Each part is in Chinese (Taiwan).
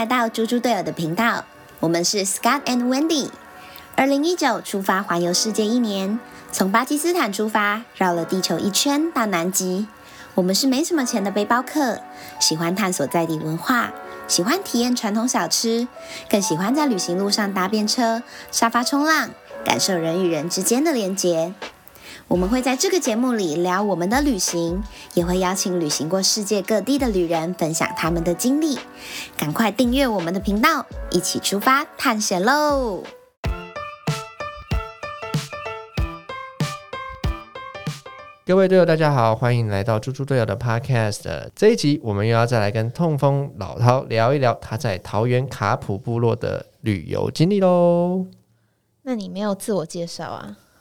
來到豬豬隊友的頻道，我們是 Scott and Wendy。二零一九出發環遊世界一年，從巴基斯坦出發，繞了地球一圈到南極。我們是沒什麼錢的背包客，喜歡探索在地文化，喜歡體驗傳統小吃，更喜歡在旅行路上搭便車、沙發衝浪，感受人與人之間的連結。我們會在這個節目裡聊我們的旅行，也會邀請旅行過世界各地的旅人分享他們的經歷。趕快訂閱我們的頻道，一起出發探險嘍！各位隊友，大家好，歡迎來到豬豬隊友的 Podcast。這一集我們又要再來跟痛風老饕聊一聊他在桃園卡普部落的旅遊經歷嘍。那你沒有自我介紹啊？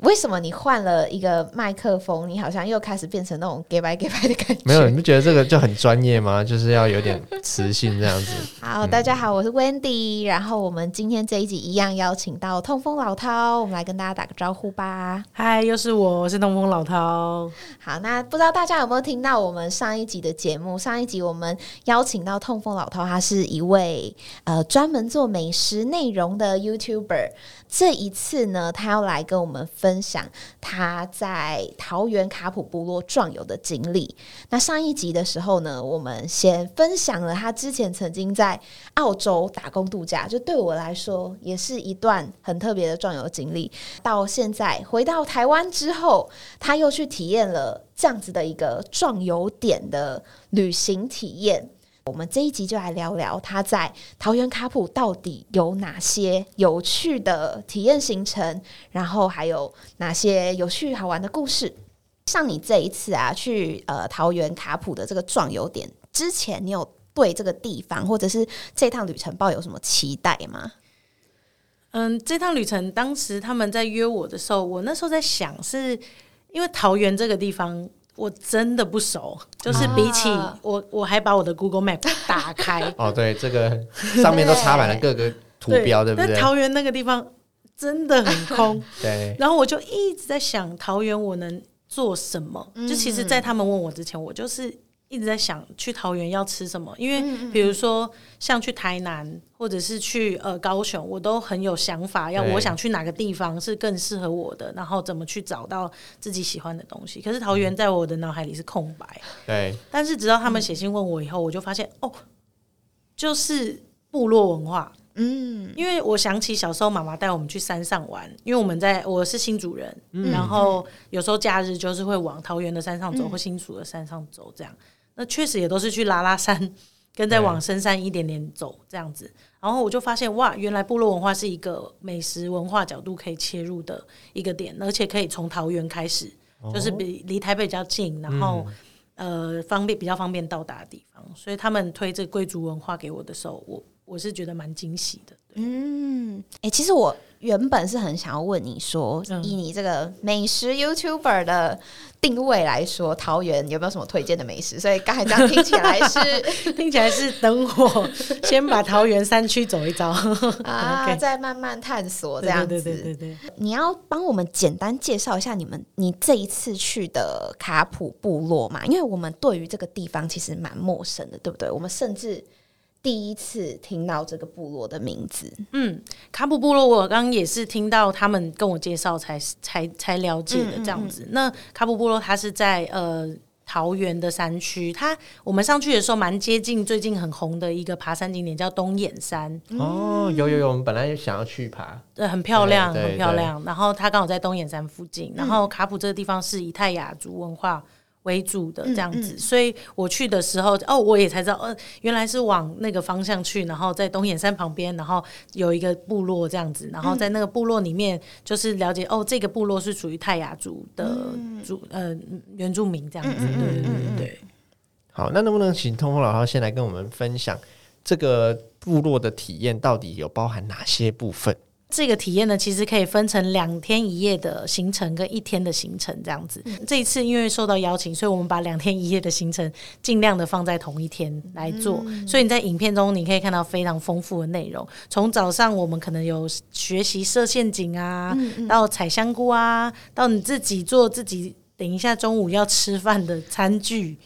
為什麼你換了一個麥克風，你好像又開始變成那種給白給白的感覺？沒有，你不覺得這個就很專業嗎？ 就是要有點磁性這樣子。 好，大家好，我是 Wendy，嗯。然後我們今天這一集一樣邀請到痛風老饕，我們來跟大家打個招呼吧。嗨，又是我，我是痛風老饕。好，那不知道大家有沒有聽到我們上一集的節目？上一集我們邀請到痛風老饕，他是一位呃專門做美食內容的 YouTuber。這一次呢，他要來跟我們。分享他在桃園卡普部落壯遊的經歷。那上一集的時候呢，我們先分享了他之前曾經在澳洲打工度假，就對我來說也是一段很特別的壯遊經歷。到現在回到台灣之後，他又去體驗了這樣子的一個壯遊點的旅行體驗。我們這一集就來聊聊他在桃園卡普到底有哪些有趣的體驗行程，然後還有哪些有趣好玩的故事。像你這一次啊，去呃桃園卡普的這個壯遊點之前，你有對這個地方或者是這趟旅程抱有什麼期待嗎？嗯，這趟旅程當時他們在約我的時候，我那時候在想是因為桃園這個地方。我真的不熟，就是比起我、啊、我，我還把我的 Google Map 打開。哦，對，這個上面都插滿了各個圖標，對，對，對不對？那桃園那個地方真的很空， 對。然後我就一直在想，桃園我能做什麼？就其實，在他們問我之前，我就是。一直在想去桃園要吃什麼，因為比如說像去台南或者是去呃高雄，我都很有想法，要我想去哪個地方是更適合我的，然後怎麼去找到自己喜歡的東西。可是桃園在我的腦海裡是空白，對。但是直到他們寫信問我以後，我就發現、嗯、哦，就是部落文化。嗯，因為我想起小時候媽媽帶我們去山上玩，因為我們在我是新竹人、嗯，然後有時候假日就是會往桃園的山上走、嗯、或新竹的山上走，這樣。那確實也都是去拉拉山，跟再往深山一點點走這樣子。然後我就發現哇，原來部落文化是一個美食文化角度可以切入的一個點，而且可以從桃園開始，就是比離台北比較近，然後呃方便比較方便到達的地方。所以他們推這貴族文化給我的時候，我我是覺得蠻驚喜的。嗯、誒、欸，其實我。原本是很想要問你說、嗯，以你這個美食 YouTuber 的定位來說，桃園有沒有什麼推薦的美食？所以剛才這樣聽起來是 聽起來是等我先把桃園山區走一遭， 啊，okay、再慢慢探索這樣子。對對對對對，對，你要幫我們簡單介紹一下你們你這一次去的卡普部落嘛？因為我們對於這個地方其實蠻陌生的，對不對？我們甚至。第一次聽到這個部落的名字，嗯，卡普部落，我剛也是聽到他們跟我介紹才才才了解的這樣子。嗯嗯嗯、那卡普部落它是在呃桃園的山區，它我們上去的時候蠻接近最近很紅的一個爬山景點叫東眼山哦、嗯，有有有，我們本來就想要去爬，對，很漂亮，很漂亮。然後它剛好在東眼山附近，嗯、然後卡普這個地方是以泰雅族文化為主的這樣子嗯嗯，所以我去的時候，哦，我也才知道，哦，原來是往那個方向去，然後在東眼山旁邊，然後有一個部落這樣子，然後在那個部落裡面，就是了解，嗯，哦，這個部落是屬於泰雅族的族，嗯，呃，原住民這樣子，嗯嗯嗯嗯嗯嗯對對對好，那能不能請痛風老饕先來跟我們分享這個部落的體驗到底有包含哪些部分？這個體驗呢，其實可以分成兩天一夜的行程跟一天的行程這樣子。嗯。這一次因為受到邀請，所以我們把兩天一夜的行程盡量的放在同一天來做。嗯。所以你在影片中你可以看到非常豐富的內容。從早上我們可能有學習設陷阱啊，嗯嗯。到採香菇啊，到你自己做自己等一下中午要吃飯的餐具。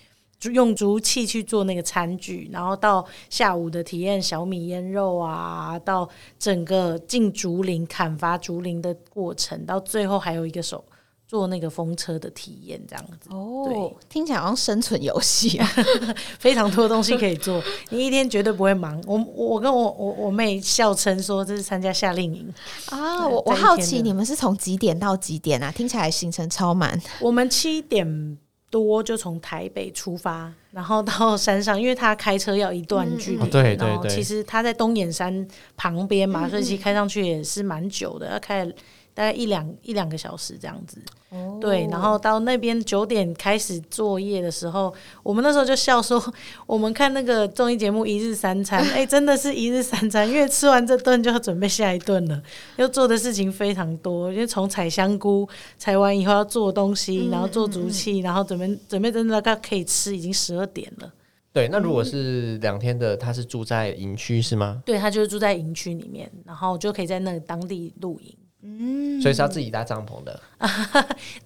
用竹器去做那個餐具，然後到下午的體驗小米醃肉啊，到整個進竹林砍伐竹林的過程，到最後還有一個手做那個風車的體驗，這樣子哦。對，聽起來好像生存遊戲啊， 非常多東西可以做， 你一天絕對不會忙。我我跟我我我妹笑稱說這是參加夏令營啊。我、哦、我好奇你們是從幾點到幾點啊？聽起來行程超滿。我們七點多就從台北出發，然後到山上，因為他開車要一段距離。對對對。然後其實他在東眼山旁邊嘛、嗯，所以其實開上去也是蠻久的，要開。大概一兩一兩個小時這樣子，oh. 對，然後到那邊九點開始作業的時候，我們那時候就笑說，我們看那個綜藝節目一日三餐，哎、欸，真的是一日三餐， 因為吃完這頓就要準備下一頓了，要做的事情非常多，因為從採香菇，採完以後要做東西，然後做竹器，然後準備準備真的大概可以吃，已經十二點了。對，那如果是兩天的、嗯，他是住在營區是嗎？對，他就是住在營區裡面，然後就可以在那個當地露營。嗯，所以是要自己搭帳篷的。啊、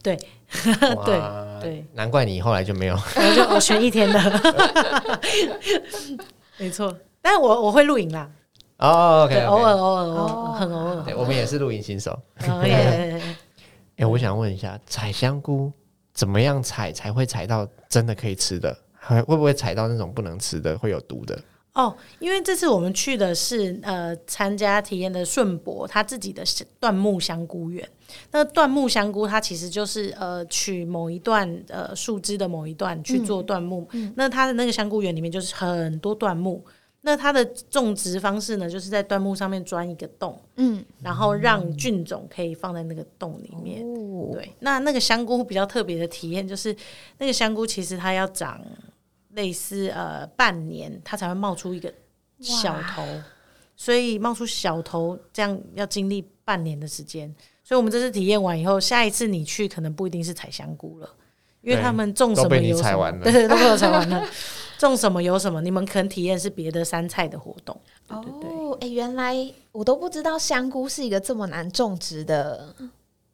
對對對，難怪你後來就沒有 沒我，我選一天的，沒錯。但是我我會露營啦。哦、oh,，OK，, okay. 偶爾偶爾，很偶爾。Oh, oh, oh, 對 oh. 我們也是露營新手。哎、oh, yeah. 欸，我想問一下，採香菇怎麼樣採才會採到真的可以吃的？會不會採到那種不能吃的，會有毒的？哦，因為這次我們去的是呃參加體驗的順伯他自己的段木香菇園。那段木香菇它其實就是呃取某一段呃樹枝的某一段去做段木，嗯嗯。那它的那個香菇園裡面就是很多段木。那它的種植方式呢，就是在段木上面鑽一個洞，嗯，然後讓菌種可以放在那個洞裡面。嗯、對，那那個香菇比較特別的體驗就是，那個香菇其實它要長。類似呃，半年它才會冒出一個小頭，所以冒出小頭這樣要經歷半年的時間。所以我們這次體驗完以後，下一次你去可能不一定是採香菇了，因為他們種什麼有什麼，對，都都採完了，對都完了 種什麼有什麼，你們可能體驗是別的山菜的活動。對對對哦，哎、欸，原來我都不知道香菇是一個這麼難種植的。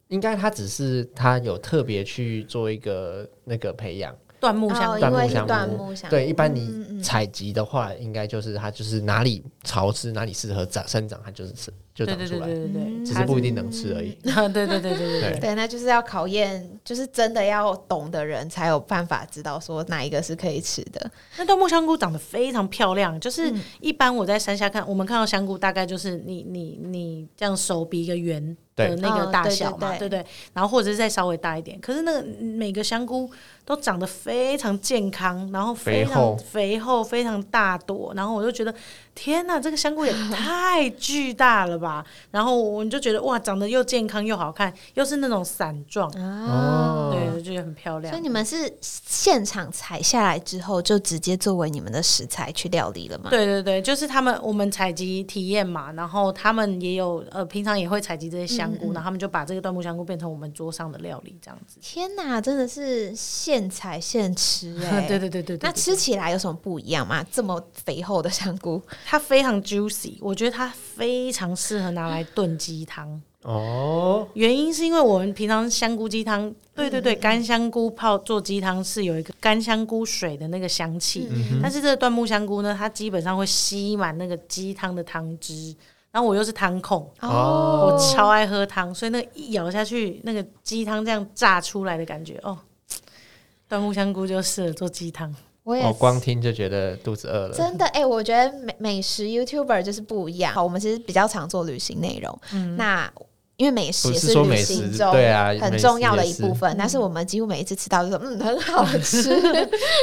應該它只是它有特別去做一個那個培養。椴木香菇，哦，椴木香菇，對，一般你採集的話，嗯嗯應該就是它就是哪裡潮濕，哪裡適合長生長，它就是，就長出來，對對對對，對對對對，只是不一定能吃而已。嗯啊、對對對對對對，對，那就是要考驗，就是真的要懂的人才有辦法知道說哪一個是可以吃的。那椴木香菇長得非常漂亮，就是一般我在山下看，嗯、我們看到香菇大概就是你你你，你這樣手比一個圓的那個大小嘛，對，啊、對，對，對，對，對對，然後或者是再稍微大一點。可是那個每個香菇都長得非常健康，然後肥厚、肥厚、非常大朵，然後我就覺得天哪，這個香菇也太巨大了吧！ 啊，然後我們就覺得哇，長得又健康又好看，又是那種傘狀，啊，對，就覺得很漂亮。所以你們是現場採下來之後就直接作為你們的食材去料理了嗎？對對對，就是他們我們採集體驗嘛，然後他們也有呃，平常也會採集這些香菇，嗯嗯，然後他們就把這個椴木香菇變成我們桌上的料理，這樣子。天哪，真的是現採現吃哎！ 對，對，對，對，對對對對對，那吃起來有什麼不一樣嗎？這麼肥厚的香菇，它非常 juicy，我覺得它非常適。適合拿來燉雞湯哦。原因是因為我們平常香菇雞湯，對對對，乾香菇泡做雞湯是有一個乾香菇水的那個香氣。但是這個椴木香菇呢，它基本上會吸滿那個雞湯的湯汁。然後我又是湯控哦，我超愛喝湯，所以那個一咬下去，那個雞湯這樣炸出來的感覺哦，椴木香菇就適合做雞湯。我，我光聽就覺得肚子餓了。真的哎、欸，我覺得美美食 YouTuber 就是不一樣。 好，我們其實比較常做旅行內容。嗯，那因為美食也是旅行中對啊，很重要的一部分、嗯啊。但是我們幾乎每一次吃到就說嗯很好吃。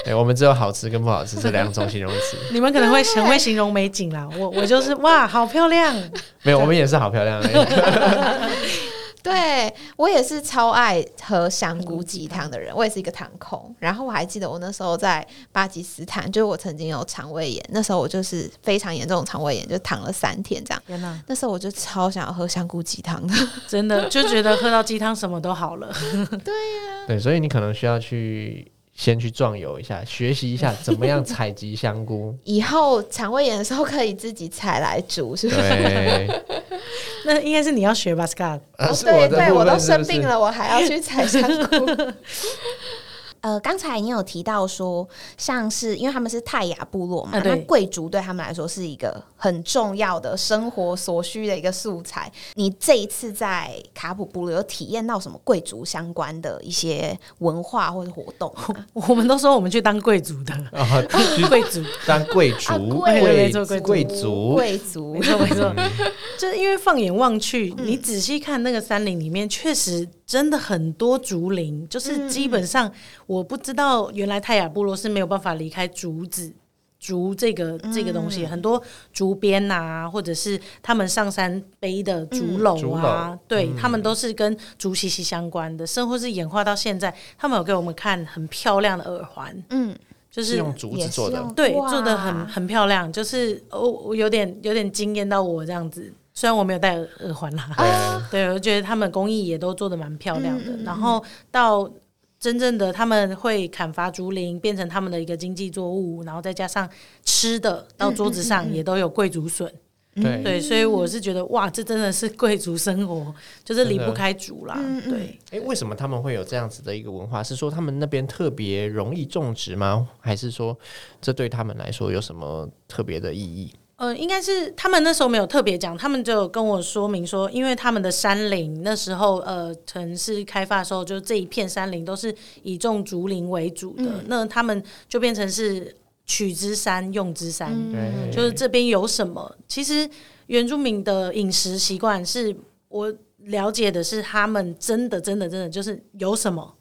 哎、 欸，我們只有好吃跟不好吃 這兩種形容詞。你們可能會很會形容美景啦， 我我就是哇好漂亮。 沒有，我們也是好漂亮、欸。 對我也是超愛喝香菇雞湯的人，我也是一個湯控。然後我還記得我那時候在巴基斯坦，就是我曾經有腸胃炎，那時候我就是非常嚴重的腸胃炎，就躺了三天這樣。天啊，那時候我就超想要喝香菇雞湯的，真的就覺得喝到雞湯什麼都好了。 對呀，啊。對，所以你可能需要去。先去壯遊一下，學習一下怎麼樣採集香菇。 以後腸胃炎的時候可以自己採來煮，是不是？對 那應該是你要學吧，Scott。啊、對，是我的部分是不是？對，我都生病了，我還要去採香菇。 呃，剛才你有提到說，像是因為他們是泰雅部落嘛，啊、對，那貴族對他們來說是一個很重要的生活所需的一個素材。你這一次在卡普部落有體驗到什麼貴族相關的一些文化或者活動？我們都說我們去當貴族的當貴族，當貴族，貴族，貴族，貴族，貴族，就是因為放眼望去，嗯、你仔細看那個山林裡面，確實。真的很多竹林，就是基本上、嗯、我不知道原來泰雅部落是沒有辦法離開竹子、竹這個這個東西。嗯、很多竹編啊，或者是他們上山背的竹簍啊，對、嗯、他們都是跟竹息息相關的生活，是演化到現在。他們有給我們看很漂亮的耳環，嗯，就是、是用竹子做的，對，做的很很漂亮，就是我、哦、有點有點驚艷到我這樣子。雖然我沒有戴耳環啦，Oh yeah. 對，我覺得他們工藝也都做得蠻漂亮的。 然後到真正的他們會砍伐竹林，變成他們的一個經濟作物，然後再加上吃的，到桌子上也都有貴族筍。 對，所以我是覺得哇，這真的是貴族生活，就是離不開竹啦。對，誒、欸，為什麼他們會有這樣子的一個文化？是說他們那邊特別容易種植嗎？還是說這對他們來說有什麼特別的意義？應該是他們那時候沒有特別講，他們就有跟我說明說，因為他們的山林那時候呃，城市開發的時候，就這一片山林都是以種竹林為主的，嗯、那他們就變成是取之山，用之山，嗯嗯、就是這邊有什麼。其實原住民的飲食習慣是我了解的是，他們真的真的真的就是有什麼。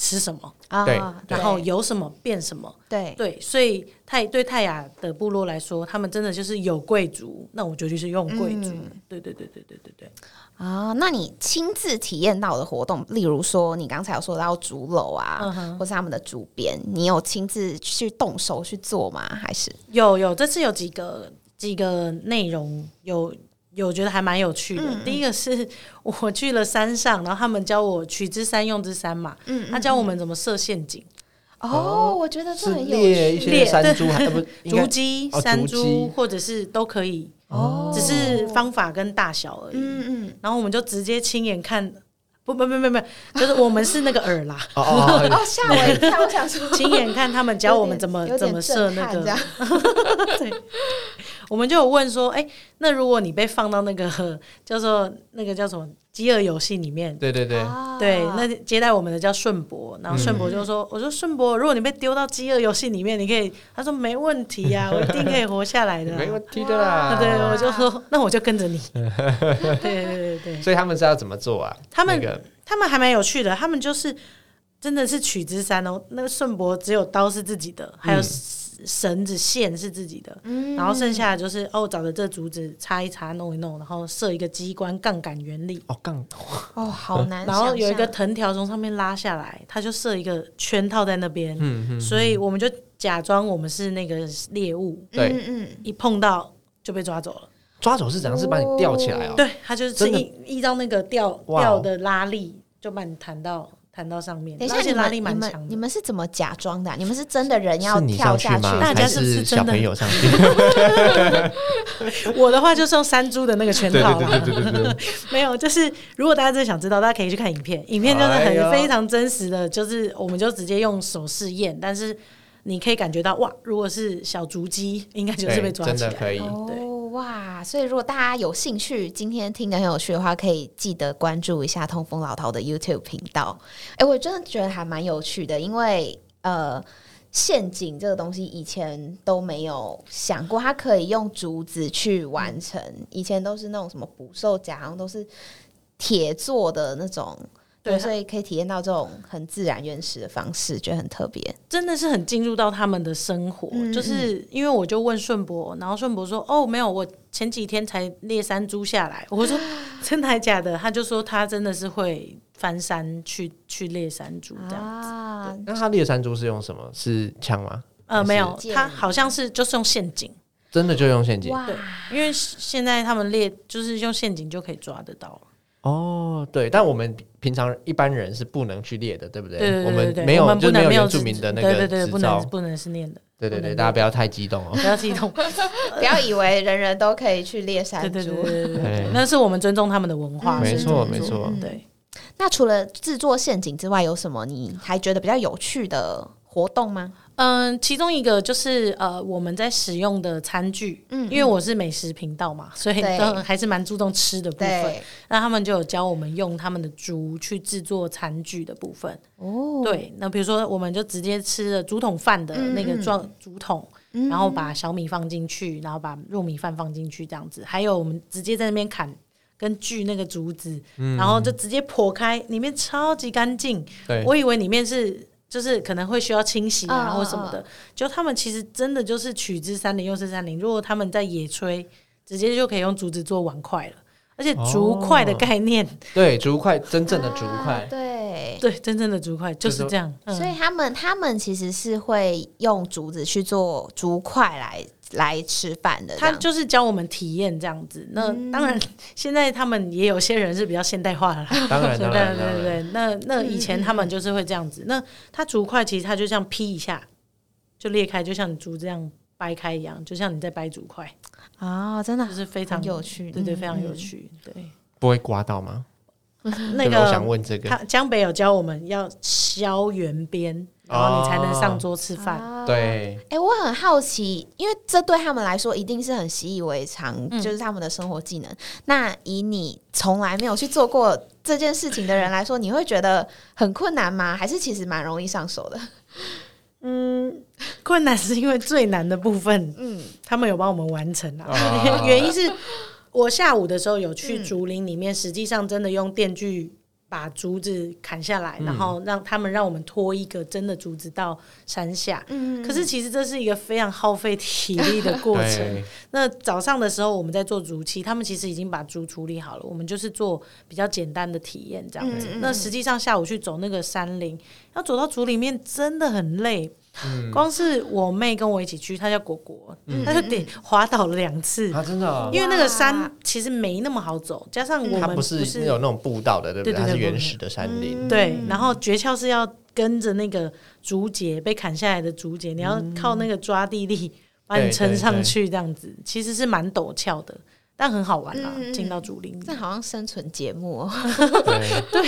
吃什麼啊？然後有什麼變什麼？對對，所以太對泰雅的部落來說，他們真的就是有貴族，那我就就是用貴族、嗯。對對對對對對對。啊，那你親自體驗到的活動，例如說你剛才有說到竹樓啊、嗯，或是他們的竹編，你有親自去動手去做嗎？還是有有這次有幾個幾個內容有。我覺得還蠻有趣的、嗯。第一個是我去了山上，然後他們教我取之山，用之山嘛。嗯，嗯他教我們怎麼設陷阱哦。哦，我覺得這很有趣。一些山豬，竹雞、啊，山豬，或者是都可以。哦。只是方法跟大小而已。哦、嗯嗯。然後我們就直接親眼看。不，不不不沒，不不不不不 就是我們是那個餌啦。哦哦 哦！嚇我一 跳，我想親 眼看他們教我們怎麼怎麼設那個。 對。我們就有問說，哎、欸，那如果你被放到那個叫做、就是、那個叫什麼飢餓遊戲裡面？對對對對，那接待我們的叫順博，然後順博就說：“嗯、我說順博，如果你被丟到飢餓遊戲裡面，你可以。”他說：“沒問題啊，我一定可以活下來的、啊。 ”沒問題的啦。對，我就說：“那我就跟着你。 ”對，對對對對。所以他們是要怎麼做啊？他們、那個、他們還蠻有趣的，他們就是真的是取之三哦。那個順博只有刀是自己的，還有、嗯。繩子線是自己的，嗯、然後剩下的就是哦，找的這竹子擦一擦、弄一弄，然後設一個機關，槓桿原理哦，槓桿哦，好難。然後有一個藤條從上面拉下來，它就設一個圈套在那邊、嗯嗯嗯，所以我們就假裝我們是那個獵物，對、嗯嗯，一碰到就被抓走了。抓走是怎樣？是把你吊起來、啊、哦？對，它就是一一張那個吊吊的拉力、哦，就把你彈到。彈到上面，等一下，而且拉力蠻強。你們是怎麼假裝的啊？你們是真的人要跳下去，家是，是小朋友上去？上去 我的話就是用山豬的那個圈套啦。對對對對對對 沒有，就是如果大家真的想知道，大家可以去看影片。影片真的很非常真實的就是，我們就直接用手試驗。但是你可以感覺到哇，如果是小竹雞，應該就是被抓起來。真的可以，對。哇，所以如果大家有興趣，今天聽得很有趣的話，可以記得關注一下痛風老饕的 YouTube 頻道。哎、欸，我真的覺得還蠻有趣的，因為呃，陷阱這個東西以前都沒有想過，它可以用竹子去完成，以前都是那種什麼捕獸夾，都是鐵做的那種。對，所以可以體驗到這種很自然原始的方式，覺得很特別。啊，真的是很進入到他們的生活。嗯，就是因為我就問順伯，然後順伯說：“哦，沒有，我前幾天才獵山豬下來。”我說：“啊，真的還假的？”他就說他真的是會翻山去去獵山豬這樣子。啊，對。那他獵山豬是用什麼？是槍嗎？還是？呃，沒有，他好像是就是用陷阱，真的就用陷阱。對，因為現在他們獵就是用陷阱就可以抓得到。哦，對，對，但我們。平常一般人是不能去獵的，對不對？對對對對對對，我們沒有，我們不能，沒有原住民的那個執照，對對對，對不能，不能是獵的。對對對，大家不要太激動哦， 不要激動， 不要以為人人都可以去獵山豬，那是我們尊重他們的文化，嗯、沒錯沒錯、嗯。對，那除了制作陷阱之外，有什麼你還覺得比較有趣的？活動嗎？嗯，其中一個就是呃，我們在使用的餐具，嗯嗯、因為我是美食頻道嘛，所以還是蠻注重吃的部分。那他們就有教我們用他們的竹去製作餐具的部分。哦，對，那比如說，我們就直接吃了竹筒飯的那個裝竹筒、嗯嗯，然後把小米放進去，然後把糯米飯放進去，這樣子。還有，我們直接在那邊砍跟鋸那個竹子、嗯，然後就直接剖開，裡面超級乾淨。對，我以為裡面是。就是可能會需要清洗啊，或什麼的。就他們其實真的就是取之山林，又是山林。如果他們在野炊，直接就可以用竹子做碗筷了。而且竹筷的概念、哦，對竹筷，真正的竹筷，啊、對對，真正的竹筷就是這樣。嗯、所以他們他們其實是會用竹子去做竹筷來。來吃飯的，他就是教我們體驗這樣子。那當然，現在他們也有些人是比較現代化的啦當然， 對對對，對那那以前他們就是會這樣子。嗯、那他竹筷其實他就像劈一下，就裂開，就像你竹這樣掰開一樣，就像你在掰竹筷啊、哦，真的就是非常有趣，對，對對，非常有趣。嗯嗯，對。不會刮到嗎？ 呃、那個，我想問這個，他江北有教我們要削圓邊、哦，然後你才能上桌吃飯。哦、對，哎、欸，我很好奇，因為這對他們來說一定是很習以為常、嗯，就是他們的生活技能。那以你從來沒有去做過這件事情的人來說，你會覺得很困難嗎？還是其實蠻容易上手的？嗯，困難是因為最難的部分，嗯，他們有幫我們完成了、啊，哦、 原因是。 我下午的時候有去竹林裡面，嗯、實際上真的用電鋸把竹子砍下來，嗯，然後讓他們讓我們拖一個真的竹子到山下。嗯、可是其實這是一個非常耗費體力的過程，嗯。那早上的時候我們在做竹器，他們其實已經把竹處理好了，我們就是做比較簡單的體驗這樣子。嗯、那實際上下午去走那個山林，要走到竹林裡面真的很累。嗯、光是我妹跟我一起去，她叫果果，嗯、她就得滑倒了兩次，啊，真的，哦，因為那個山其實沒那麼好走，加上我們不是，它不是有那種步道的，對不對？對對對，它是原始的山林。嗯、對，然後訣竅是要跟着那個竹節被砍下來的竹節，嗯，你要靠那個抓地力把你撐上去，這樣子對對對，其實是蠻陡峭的。但很好玩啦，進、嗯、到竹林，這好像生存節目。 對對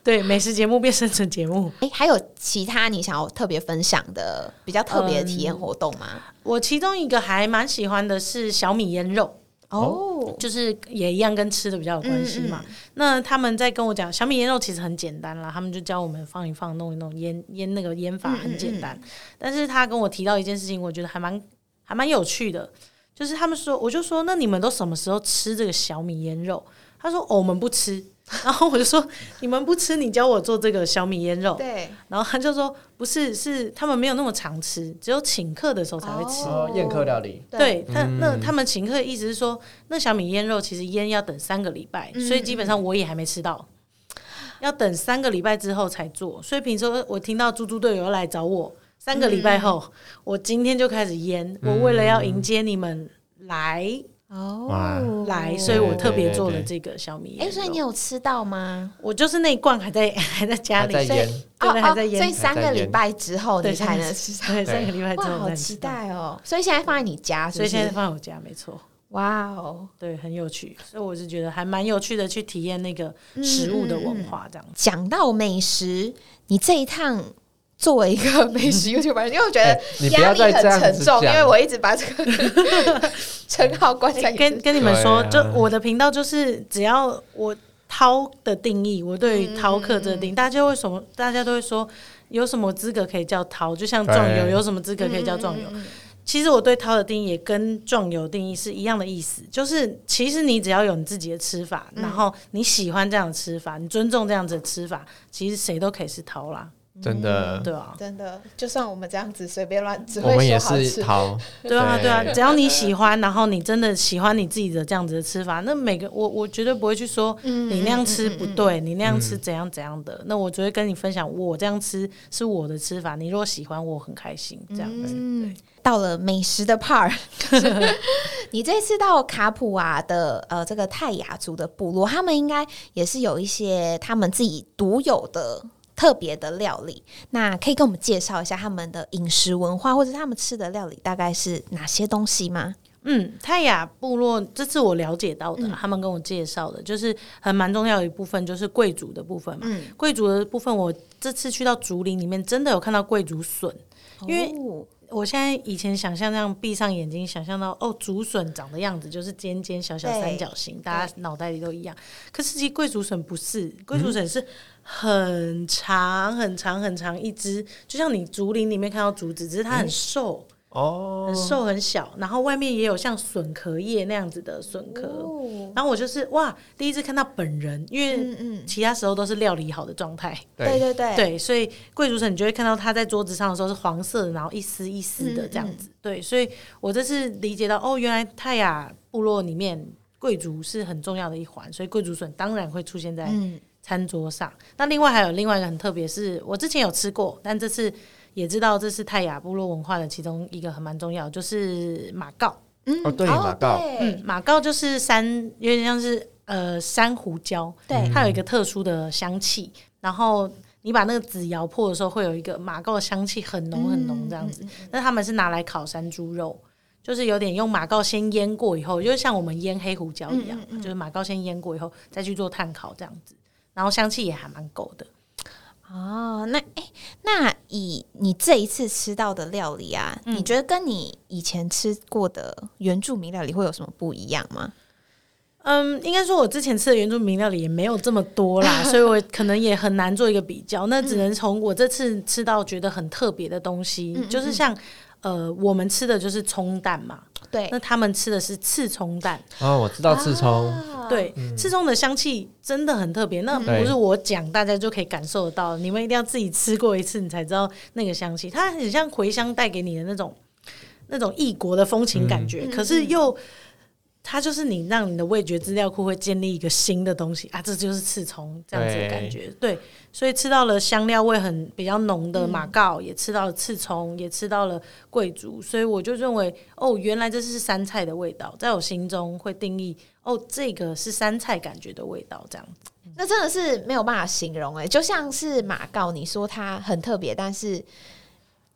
對，對，美食節目變生存節目。誒、欸。還有其他你想要特別分享的比較特別的體驗活動嗎、嗯？我其中一個還蠻喜歡的是小米醃肉哦，oh, oh. 就是也一樣跟吃的比較有關係嘛嗯嗯。那他們在跟我講小米醃肉其實很簡單啦，他們就教我們放一放，弄一弄，醃醃那個醃法很簡單嗯嗯嗯。但是他跟我提到一件事情，我覺得還蠻還蠻有趣的。就是他們說，我就說，那你們都什麼時候吃這個小米醃肉？他說，哦、我們不吃。然後我就說， 你們不吃，你教我做這個小米醃肉。對。然後他就說，不是，是他們沒有那麼常吃，只有請客的時候才會吃。哦、oh，宴客料理。對，他那他們請客的意思是說，那小米醃肉其實醃要等三個禮拜，嗯，所以基本上我也還沒吃到，要等三個禮拜之後才做。所以平時我聽到豬豬隊友要來找我。三個禮拜後、嗯，我今天就開始醃、嗯。我為了要迎接你們來哦、嗯、來，來，所以我特別做了這個小米。哎、欸，所以你有吃到嗎？我就是那一罐還在還在家裡，還在醃所、哦哦、所以三個禮拜之後你才能吃。三個禮拜之後，哇，好期待哦、喔！所以現在放在你家是不是？所以現在放在我家，沒錯。哇哦，對，很有趣。所以我是覺得還蠻有趣的，去體驗那個食物的文化這樣講、嗯、到美食，你這一趟。作為一個美食 YouTuber，、嗯、因為我覺得壓力很沉重、欸，因為我一直把這個稱 號關在、欸、跟跟你們說，就我的頻道就是只要我饕的定義，我對饕客的定義、嗯，大家為什麼大家都會說有什麼資格可以叫饕？就像壯遊、嗯，有什麼資格可以叫壯遊、嗯？其實我對饕的定義也跟壯遊定義是一樣的意思，就是其實你只要有你自己的吃法，然後你喜歡這樣的吃法，你尊重這樣子的吃法，其實誰都可以是饕啦。真的、嗯、對啊，真的，就算我們這樣子隨便亂，只會說好吃也是好 對、啊。對啊，對啊，只要你喜歡，然後你真的喜歡你自己的這樣子的吃法，那每個我我絕對不會去說你那樣吃不對，嗯、你那樣吃怎樣怎樣的。嗯、那我只會跟你分享，我這樣吃是我的吃法。你如果喜歡，我很開心。這樣子、嗯對，到了美食的 part， 你這次到卡普瓦、啊、的呃這個泰雅族的部落，他們應該也是有一些他們自己獨有的。特別的料理，那可以跟我們介紹一下他們的飲食文化，或者他們吃的料理大概是哪些東西嗎？嗯，泰雅部落這次我了解到的，嗯、他們跟我介紹的，就是很蠻重要的一部分，就是桂竹的部分嘛。桂、嗯、竹的部分，我這次去到竹林裡面，真的有看到桂竹筍、哦，因為。我現在以前想象，那樣閉上眼睛想象到哦，竹筍長的樣子就是尖尖小小三角形，欸、大家腦袋裡都一樣。可是其實桂竹筍不是，桂竹筍是很長很長很長一支，就像你竹林裡面看到竹子，只是它很瘦。嗯嗯哦，很瘦很小，然後外面也有像筍殼葉那樣子的筍殼。Oh. 然後我就是哇，第一次看到本人，因為其他時候都是料理好的狀態。對對對，對，所以貴族筍你就會看到它在桌子上的時候是黃色的，然後一絲一絲的這樣子，嗯嗯。對，所以我這次理解到哦，原來泰雅部落裡面貴族是很重要的一環，所以貴族筍當然會出現在餐桌上。嗯。那另外還有另外一個很特別，是我之前有吃過，但這次。也知道這是泰雅部落文化的其中一個很蠻重要，就是馬告。嗯、哦，對，馬告，嗯，馬告就是山，有點像是呃，山胡椒。對、嗯，它有一個特殊的香氣。然後你把那個籽搖破的時候，會有一個馬告的香氣，很濃很濃這樣子、嗯嗯。那他們是拿來烤山豬肉，就是有點用馬告先醃過以後，嗯、就像我們醃黑胡椒一樣、嗯嗯，就是馬告先醃過以後再去做炭烤這樣子，然後香氣也還蠻夠的。哦，那哎、欸，那。以你這一次吃到的料理啊，你覺得跟你以前吃過的原住民料理會有什麼不一樣嗎？嗯，應該說我之前吃的原住民料理也沒有這麼多啦， 所以我可能也很難做一個比較，那只能從我這次吃到覺得很特別的東西，嗯、就是像。呃，我們吃的就是蔥蛋嘛，對，那他們吃的是刺蔥蛋。哦，我知道刺蔥、啊，對，刺、嗯、蔥的香氣真的很特別。那不是我講、嗯，大家就可以感受得到，你們一定要自己吃過一次，你才知道那個香氣。它很像茴香帶給你的那種那種異國的風情感覺，嗯、可是又。它就是你讓你的味覺資料庫會建立一個新的東西啊，這就是刺蔥這樣子的感覺，對，對。所以吃到了香料味很比較濃的馬告、嗯，也吃到了刺蔥，也吃到了桂竹。所以我就認為哦，原來這是山菜的味道，在我心中會定義哦，這個是山菜感覺的味道這樣子。那真的是沒有辦法形容誒、欸，就像是馬告，你說它很特別，但是。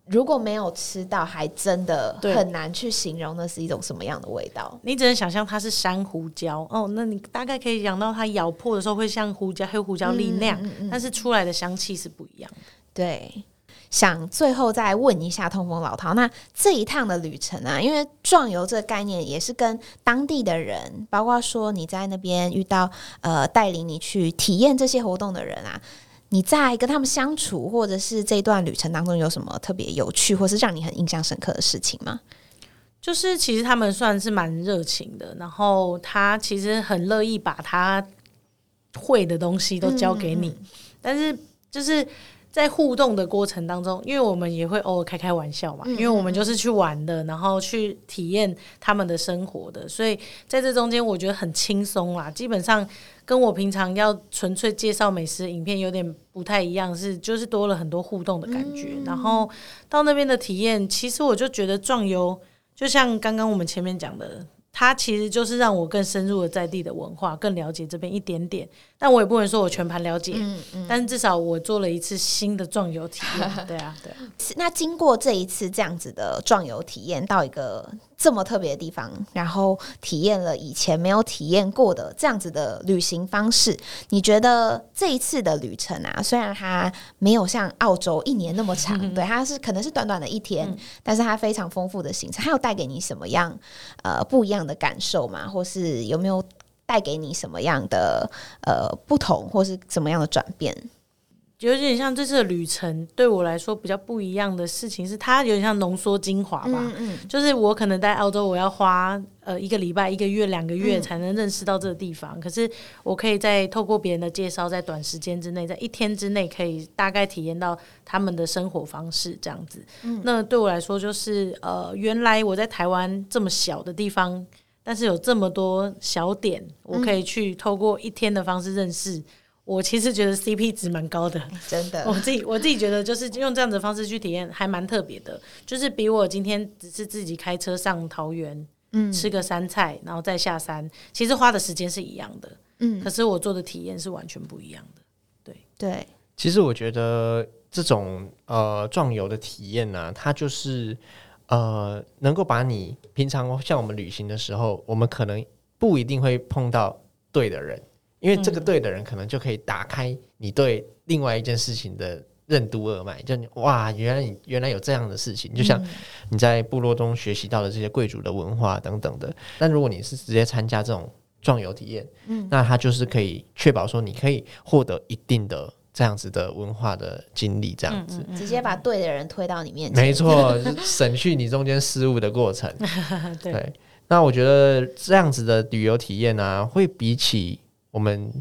如果沒有吃到，還真的很難去形容那是一種什麼樣的味道。你只能想象它是山胡椒哦，那你大概可以想到它咬破的時候會像胡椒、黑胡椒粒那樣，但是出來的香氣是不一樣的。對，想最後再問一下痛風老饕，那這一趟的旅程啊，因為壯遊這個概念也是跟當地的人，包括說你在那邊遇到呃帶領你去體驗這些活動的人啊。你在跟他們相處，或者是這段旅程當中，有什麼特別有趣，或是讓你很印象深刻的事情嗎？就是其實他們算是蠻熱情的，然後他其實很樂意把他會的東西都教給你、嗯，但是就是在互動的過程當中，因為我們也會偶爾開開玩笑嘛、嗯，因為我們就是去玩的，然後去體驗他們的生活的，所以在這中間我覺得很輕鬆啦，基本上。跟我平常要純粹介紹美食影片，有點不太一樣，是就是多了很多互動的感覺、嗯。然後到那邊的體驗，其實我就覺得壯遊，就像剛剛我們前面講的，它其實就是讓我更深入的在地的文化，更了解這邊一點點。但我也不能說我全盤了解，嗯嗯，但是至少我做了一次新的壯遊體驗， 對啊，對。是，那經過這一次這樣子的壯遊體驗，到一個這麼特別的地方，然後體驗了以前沒有體驗過的這樣子的旅行方式，你覺得這一次的旅程啊，雖然它沒有像澳洲一年那麼長， 對，它是可能是短短的一天，嗯。但是它非常豐富的行程，它有帶給你什麼樣呃不一樣的感受嗎？或是有沒有？帶給你什麼樣的呃不同，或是什麼樣的轉變？有點像這次的旅程對我來說比較不一樣的事情是，是它有點像濃縮精華吧。嗯嗯、就是我可能在澳洲，我要花呃一個禮拜、一個月、兩個月才能認識到這個地方，嗯、可是我可以在透過別人的介紹，在短時間之內，在一天之內，可以大概體驗到他們的生活方式這樣子、嗯。那對我來說就是呃，原來我在台灣這麼小的地方。但是有這麼多小點，我可以去透過一天的方式認識。嗯、我其實覺得 CP 值蠻高的，真的。我自己我自己覺得，就是用這樣的方式去體驗，還蠻特別的。就是比我今天只是自己開車上桃園，嗯，吃個山菜，然後再下山，其實花的時間是一樣的。嗯，可是我做的體驗是完全不一樣的。對對，其實我覺得這種呃壯遊的體驗呢、啊，它就是。呃，能夠把你平常像我們旅行的時候，我們可能不一定會碰到對的人，因為這個對的人可能就可以打開你對另外一件事情的任督二脈，就你哇，原來你原來有這樣的事情，就像你在部落中學習到的這些貴族的文化等等的。但如果你是直接參加這種壯遊體驗，嗯，那它就是可以確保說你可以獲得一定的。這樣子的文化的經歷，這樣子、嗯嗯嗯、直接把對的人推到你面前、嗯，沒錯，就是、省去你中間失誤的過程。 對，那我覺得這樣子的旅遊體驗呢、啊，會比起我們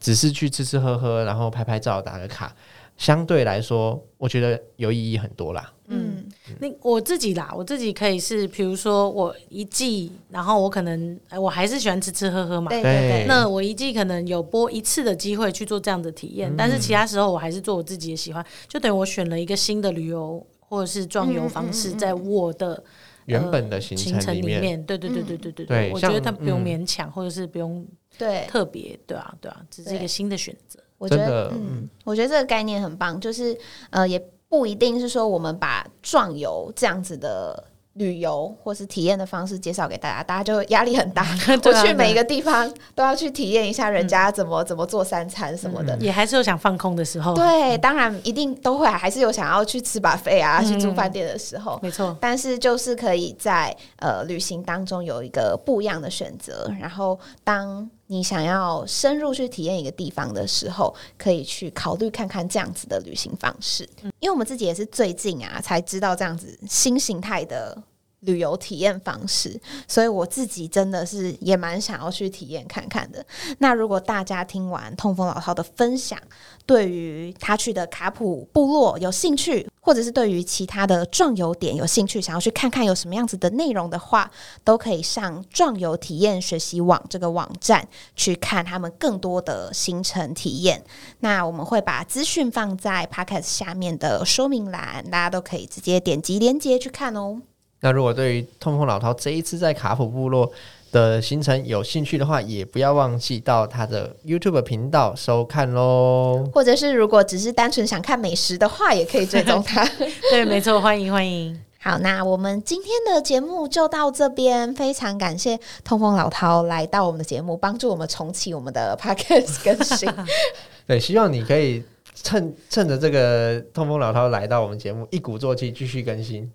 只是去吃吃喝喝，然後拍拍照、打個卡。相對來說，我覺得有意義很多啦。嗯，那我自己啦，我自己可以是，比如說我一季，然後我可能我還是喜歡吃吃喝喝嘛。對對對。那我一季可能有播一次的機會去做這樣的體驗，嗯，但是其他時候我還是做我自己的喜歡。就等於我選了一個新的旅遊或者是壯遊方式，在我的嗯嗯嗯嗯，呃、原本的行程裡面。裡面嗯，對對對對對對，我覺得他不用勉強，嗯，或者是不用特別，對啊對啊，只是一個新的選擇。我覺得，嗯，我覺得這個概念很棒，就是呃，也不一定是說我們把壯遊這樣子的旅遊或是體驗的方式介紹給大家，大家就壓力很大，嗯，我去每一個地方都要去體驗一下人家怎麼、嗯、怎麼做三餐什麼的，嗯嗯，也還是有想放空的時候。對，當然一定都會還是有想要去吃 buffet 啊，嗯，去住飯店的時候，嗯、沒錯。但是就是可以在呃旅行當中有一個不一樣的選擇，然後當。你想要深入去體驗一個地方的時候，可以去考慮看看這樣子的旅行方式。嗯。因為我們自己也是最近啊才知道這樣子新形態的旅遊體驗方式，所以我自己真的是也蠻想要去體驗看看的。那如果大家聽完痛風老饕的分享，對於他去的卡普部落有興趣，或者是對於其他的壯遊點有興趣，想要去看看有什麼樣子的內容的話，都可以上壯遊體驗學習網這個網站去看他們更多的行程體驗。那我們會把資訊放在 Podcast 下面的說明欄，大家都可以直接點擊鏈接去看哦。那如果對於痛風老饕這一次在卡普部落的行程有興趣的話，也不要忘記到他的 YouTube 頻道收看嘍。或者是如果只是單純想看美食的話，也可以追蹤他。 對，沒錯，歡迎歡迎。好，那我們今天的節目就到這邊，非常感謝痛風老饕來到我們的節目，幫助我們重啟我們的 Podcast 更新。 對，希望你可以趁趁着這個痛風老饕來到我們節目，一鼓作氣繼續更新。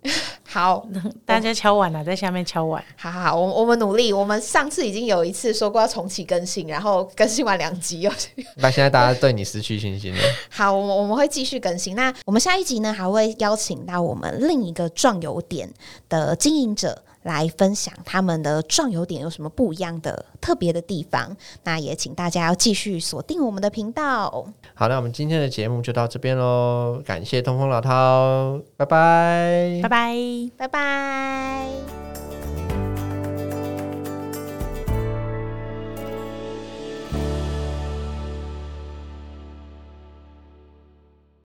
好，大家敲碗啦，在下面敲碗。好好好，我我們努力，我們上次已經有一次說過要重啟更新，然後更新完兩集哦。那 現在大家對你失去信心了？ 好，我們我們會繼續更新。那我們下一集呢，還會邀請到我們另一個壯遊點的經營者。來分享他們的壯遊點有什麼不一樣的特別的地方？那也請大家要繼續鎖定我們的頻道。好，那我們今天的節目就到這邊嘍，感謝痛風老饕，拜拜，拜拜，拜拜。拜拜。